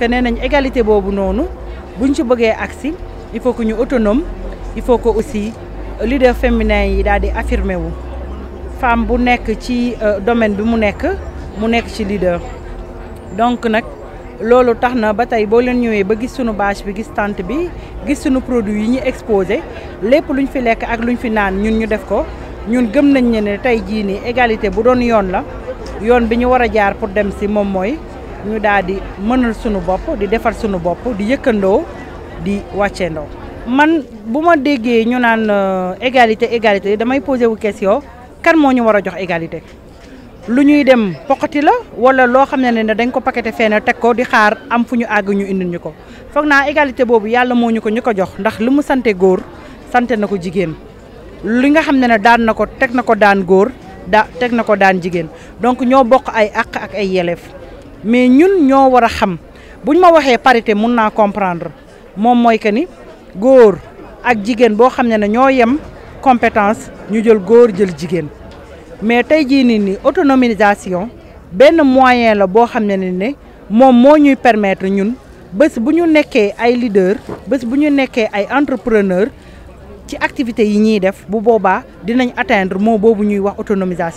que nee égalité boobu noonu bu buñ ci bëggee agsi il faut ñu autonome il faut que aussi leader féminin yi daal di affirmer wu femme bu nekk ci euh, domaine bi mu nekk mu nekk ci leader donc nag loolu tax na ba tey boo leen ñëwee ba gis sunu bâche bi gis tente bi gis sunu produit yi ñu exposé lépp lu luñ fi lekk ak lu ñu fi naan ñun ñu def ko ñun gëm nañ ne ne tey jii nii égalité bu doon yoon la yoon bi ñu war a jaar pour dem si moom mooy ñu daal di mënal sunu bopp di defar sunu bopp di yëkkandoo di wàccendoo man bu ma déggee ñu naan euh, égalité égalité damay posé wu question kan moo ñu war a jox égalité lu ñuy dem poqati la wala loo xam ne ne dañ ko paqueté fenn teg ko di xaar am fu ñu àgg ñu indil ñu ko foog naa égalité boobu yàlla moo ñu ko ñu ko jox ndax lu mu sante góor sante na ko jigéen li nga xam ne ne daan na ko teg na ko daan góor da teg na ko daan jigéen donc ñoo bokk ay àq ak ay yeleef mais ñun ñoo war a xam buñ ma waxee parité mun naa comprendre moom mooy que ni góor ak jigéen boo xam ne ne ñoo yem compétence ñu jël góor jël jigéen mais tey jii nii ni autonomisation benn moyen la boo xam ne ni ne moom moo ñuy permettre ñun bés bu ñu nekkee ay leader bés bu ñu nekkee ay entrepreneur ci activités yi ñuy def bu boobaa dinañ atteindre moo boobu ñuy wax autonomisation